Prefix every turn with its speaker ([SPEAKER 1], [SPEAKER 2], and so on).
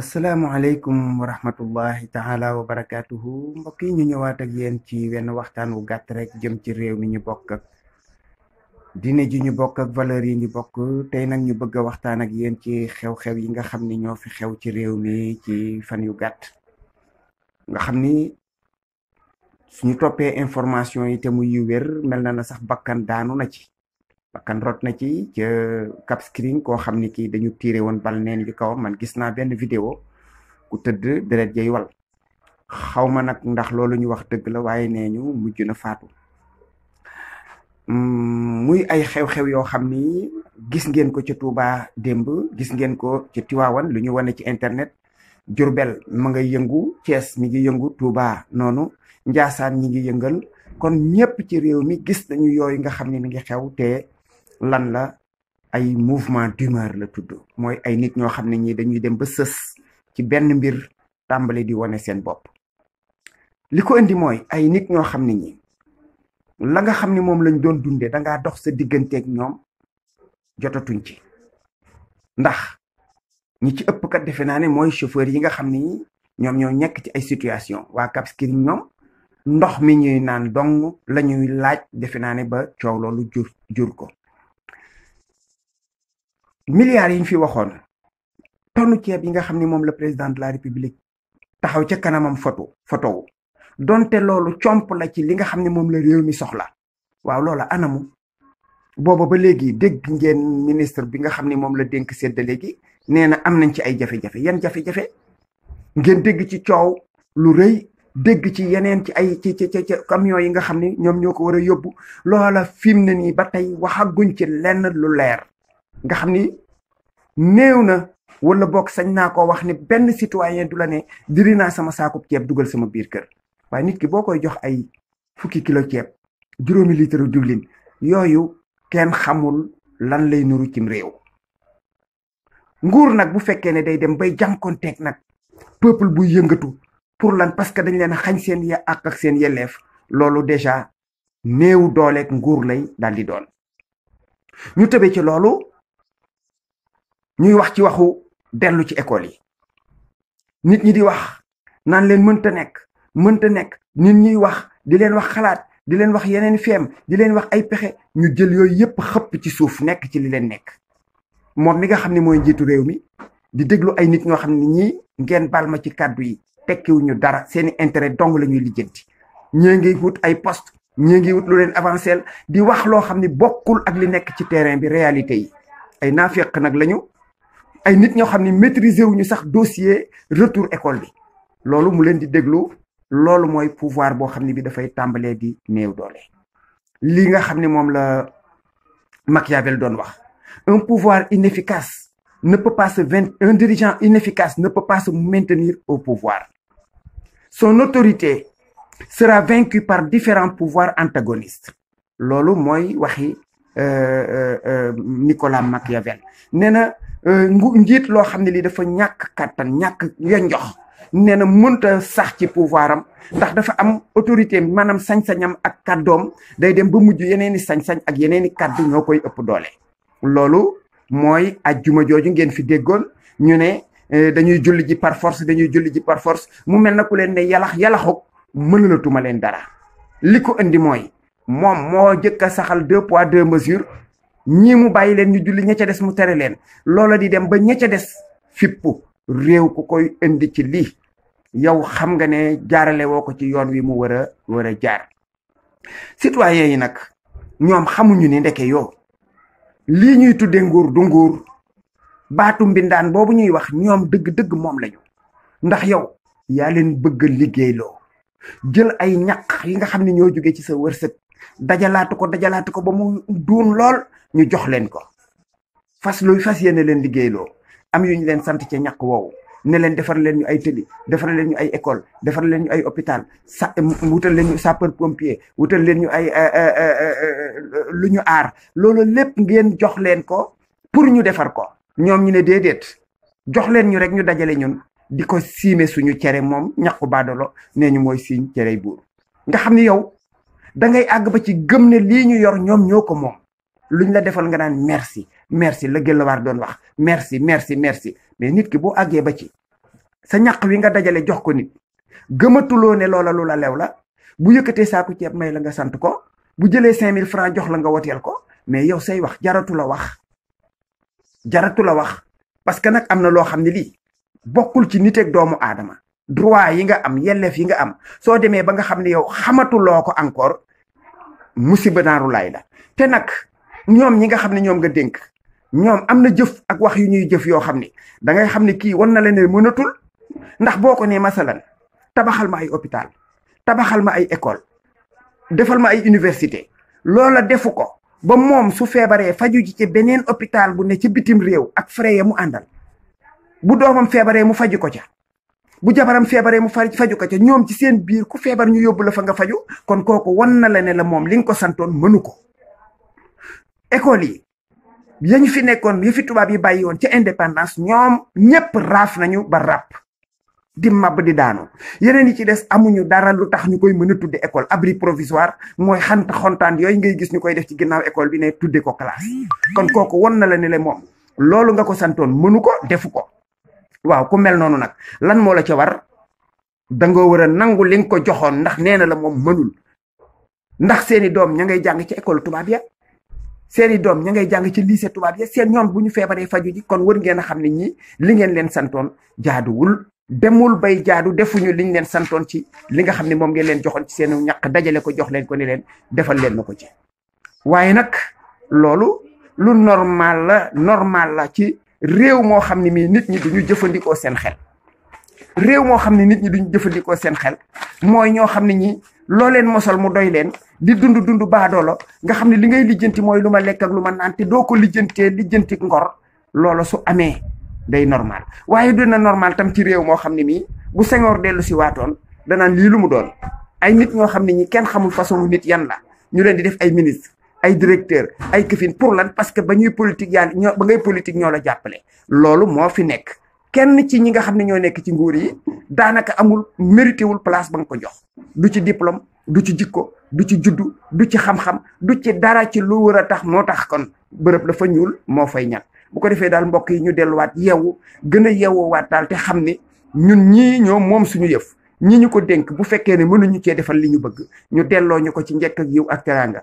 [SPEAKER 1] asalaamualeykum wa rahmatullahi taala wa barakaatuhu mbokk yi ñu ñëwaat ak yéen ci wenn waxtaan wu gàtt rek jëm ci réew mi ñu bokk ak diine ji ñu bokk ak valeur yi ñu bokk tey nag ñu bëgg a waxtaan ak yéen ci xew-xew yi nga xam ni ñoo fi xew ci réew mi ci fan yu gàtt nga xam ni suñu toppee information yi te muy yu wér mel na na sax bakkan daanu na ci bakkan rot na ci ca Cap Skirring koo xam ni kii dañu tiire woon bal neen ci kawam man gis naa benn vidéo ku tëdd deret jay wal xaw ma nag ndax loolu ñu wax dëgg la waaye nee ñu mujj na faatu mm, muy ay xew-xew yoo xam ni gis ngeen ko ca Touba démb gis ngeen ko ca Tiwaawan lu ñu wane ci internet Jurbel ma nga yëngu cees mi ngi yëngu Touba noonu Njaasaan ñi ngi yëngal kon ñëpp ci réew mi gis nañu yooyu nga xam ne mi ngi xew te lan la ay mouvement d'humeur la tudd mooy ay nit ñoo xam ne ñi dañuy dem ba sës ci benn mbir tàmbali di wane seen bopp li ko indi mooy ay nit ñoo xam ne ñi la nga xam ne moom lañ doon dundee dangaa dox sa digganteeg ñoom jotatuñ ci ndax ñi ci ëpp kat defe naa ne mooy chauffeur yi nga xam ni ñoom ñoo ñekk ci ay situation waa Cap Skirring ñoom ndox mi ñuy naan dong la ñuy laaj defe naa ne ba coow loolu jur jur ko milliards yi ñu fi waxoon tonu ceeb yi nga xam ni moom la président de la république taxaw ca kanamam foto fotowu donte loolu comp la ci li nga xam ne moom la réew mi soxla waaw loola anamu booba ba léegi dégg ngeen ministre bi nga xam ni moom la dénk séddale gi nee na am nañ ci ay jafe-jafe yan jafe-jafe ngeen dégg ci coow lu rëy dégg ci yeneen ci ay ci ci ci camion yi nga xam ni ñoom ñoo ko war a yóbbu loola fi mu ne nii ba tey waxaguñ ci lenn lu leer nga xam ni néew na wala bokk sañ naa ko wax ni benn citoyen du la ne diri naa sama saakub ceeb dugal sama biir kër waaye nit ki boo koy jox ay fukki kilo ceeb juróomi litre diwlin yooyu kenn xamul lan lay nuru cim réew nguur nag bu fekkee ne day dem bay jànkonteeg nag peuple buy yëngatu pour lan parce que dañ leen xañ seen ya àq ak seen yelleef loolu déjà néew dooleeg nguur lay daal di doon ñu tëbee ci loolu ñuy wax ci waxu dellu ci école yi nit ñi di wax naan leen mënta nekk mënta nekk nit ñuy wax di leen wax xalaat di leen wax yeneen feem di leen wax ay pexe ñu jël yooyu yépp xëpp ci suuf nekk ci li leen nekk moom mi nga xam ne mooy njiitu réew mi di déglu ay nit ñoo xam ni ñii ngeen baal ma ci kàddu yi tekkiwuñu dara seeni intérêt dong la ñuy lijjanti ñee ngi wut ay poste ñee ngi wut lu leen avancé di wax loo xam ne bokkul ak li nekk ci terrain bi réalité yi ay ay nit ñoo xam ne wu ñu sax dossier retour école bi loolu mu leen di déglu loolu mooy pouvoir boo xam ne bi dafay tàmbalee di néew doole. lii nga xam ne moom la Machiavel doon wax un pouvoir inefficace ne peut pas se vain un dirigeant inefficace ne peut mu se maintenir au pouvoir son autorité sera vaincue par différents pouvoir antagonistes loolu mooy waxi Euh, euh, euh, Nicolas Machiavel nee na ngu njiit loo xam ne lii dafa ñàkk kàttan ñàkk yonjox nee na mënta sax ci pouvoir ndax dafa am autorité maanaam sañ-sañam ak kaddoom day dem ba mujj yeneeni sañ-sañ ak yeneeni kàddu ñoo koy ëpp doole. loolu mooy ajjuma jooju ngeen fi déggoon ñu ne dañuy julli ji par force dañuy julli ji par force mu mel na ku leen ne yalax yalaxuk mënalatuma leen dara li ko indi mooy moom moo njëkk a saxal deux poids deux mesures ñii mu bàyyi leen ñu julli ña ca des mu tere leen loola di dem ba ña ca des fippu réew ku koy indi ci lii yow xam nga ne jaarale woo ko ci yoon wi mu war a war a jaar citoyen yi nag ñoom xamuñu ni ndeke yoo lii ñuy tuddee nguur du nguur baatu mbindaan boobu ñuy wax ñoom dëgg-dëgg moom lañu ndax yow yaa leen bëgg liggéeyloo jël ay ñaq yi nga xam ne ñoo jóge ci sa wërsëg dajalaatu ko dajalaatu ko ba mu duun lool ñu jox leen ko fas luy fas yéene leen liggéeyloo am yu ñu leen sant ca ñàkk woowu ne leen defar leen ñu ay tëli defar leen ñu ay école defar leen ñu ay hôpital sa wutal leen ñu sapeur pompier wutal leen ñu ay euh, euh, euh, lu ñu aar loolu lépp ngeen jox leen ko pour ñu defar ko ñoom ñu ne déedéet jox leen ñu rek ñu dajale ñun di ko siime suñu cere moom ñàkku baadolo nee ñu mooy siiñ cere buur nga xam ni yow da ngay àgg ba ci gëm ne lii ñu yor ñoom ñoo ko moom luñ la defal nga naan merci merci la gëllawaar doon wax merci merci merci mais nit ki boo àggee ba ci sa ñaq wi nga dajale jox ko nit gëmatuloo ne loola lu la lew la bu yëkkatee saaku ceeb may la nga sant ko bu jëlee cinq mille francs jox la nga woteel ko mais yow say wax jaratu wax jaratu la wax parce que nag am na loo xam ne lii bokkul ci niteeg doomu aadama droit yi nga am yelleef yi nga am soo demee ba nga xam ne yow xamatuloo ko encore musiba naaru laay la te nag ñoom ñi nga xam ne ñoom nga dénk ñoom am na jëf ak wax yu ñuy jëf yoo xam ni da ngay xam ne kii wan na leen ne mënatul ndax boo ko nee masalan tabaxal ma ay hôpital tabaxal ma ay école defal ma ay université loola defu ko ba moom su feebaree faju ji ci beneen hôpital bu ne ci bitim réew ak frais ya mu àndal bu doomam feebaree mu faju ko ca bu jabaram feebaree mu fari faju ko ca ñoom ci seen biir ku feebar ñu yóbbu la fa nga faju kon kooku wan na la ne la moom li ko santoon mënu ko école yi yañu fi nekkoon yu fi tubaab yi bàyyi woon ca indépendance ñoom ñépp raaf nañu ba ràpp di màbb di daanu yeneen yi ci des amuñu dara lu tax ñu koy mën a tudde école abri provisoire xant xontaan yooyu ngay gis ñu koy def ci ginnaaw école bi ne tudde ko classe kon kooku won na la ne le moom loolu nga ko santoon mënu ko defu ko waaw ku mel noonu nag lan moo la ca war dangoo war a nangu li nga ko joxoon ndax nee na la moom mënul ndax seeni doom ña ngay jàng ci école tubaab ya seeni doom ña ngay jàng ci lycée tubaab ya seen ñoom bu ñu feebaree faju ji kon wër ngeen xam ne ñi li ngeen leen santoon jaaduwul demul bay jaadu defuñu liñ leen santoon ci li nga xam ne moom ngeen leen joxoon ci seenu ñaq dajale ko jox leen ko ni leen defal leen na ko ci waaye nag loolu lu normal réew moo xam ne mii nit ñi duñu jëfandikoo seen xel réew moo xam ne nit ñi duñu jëfandikoo seen xel mooy ñoo xam ne ñi loo leen mosal mu doy leen di dund dund baadoolo nga xam ne li ngay lijjanti mooy lu ma lekk lu ma naan te doo ko lijjantee lijjanti ngor loolo su amee day normal waaye dina normal tam ci réew moo xam ne mii bu Senghor dellu si waatoon danaan lii lu mu doon ay nit ñoo xam ne ñi kenn xamul façon nit yan la ñu leen di def ay ministre ay directeur ay këfin pour lan parce que ba ñuy politique yaa ñoo ba ngay politique ñoo la jàppale loolu moo fi nekk kenn ci ñi nga xam ne ñoo nekk ci nguur yi daanaka amul mérité wul place ba nga ko jox du ci diplôme du ci jikko du ci juddu du ci xam-xam du ci dara ci lu war a tax moo tax kon bërëb dafa ñuul moo fay ñan bu ko defee daal mbokk yi ñu delluwaat yeewu gën a yeewoowaat daal te xam ne ñun ñii ñoo moom suñu yëf ñii ñu ko dénk bu fekkee ne mënuñu cee defal li ñu bëgg ñu delloo ñu ko ci njëkk ak yiw ak teraanga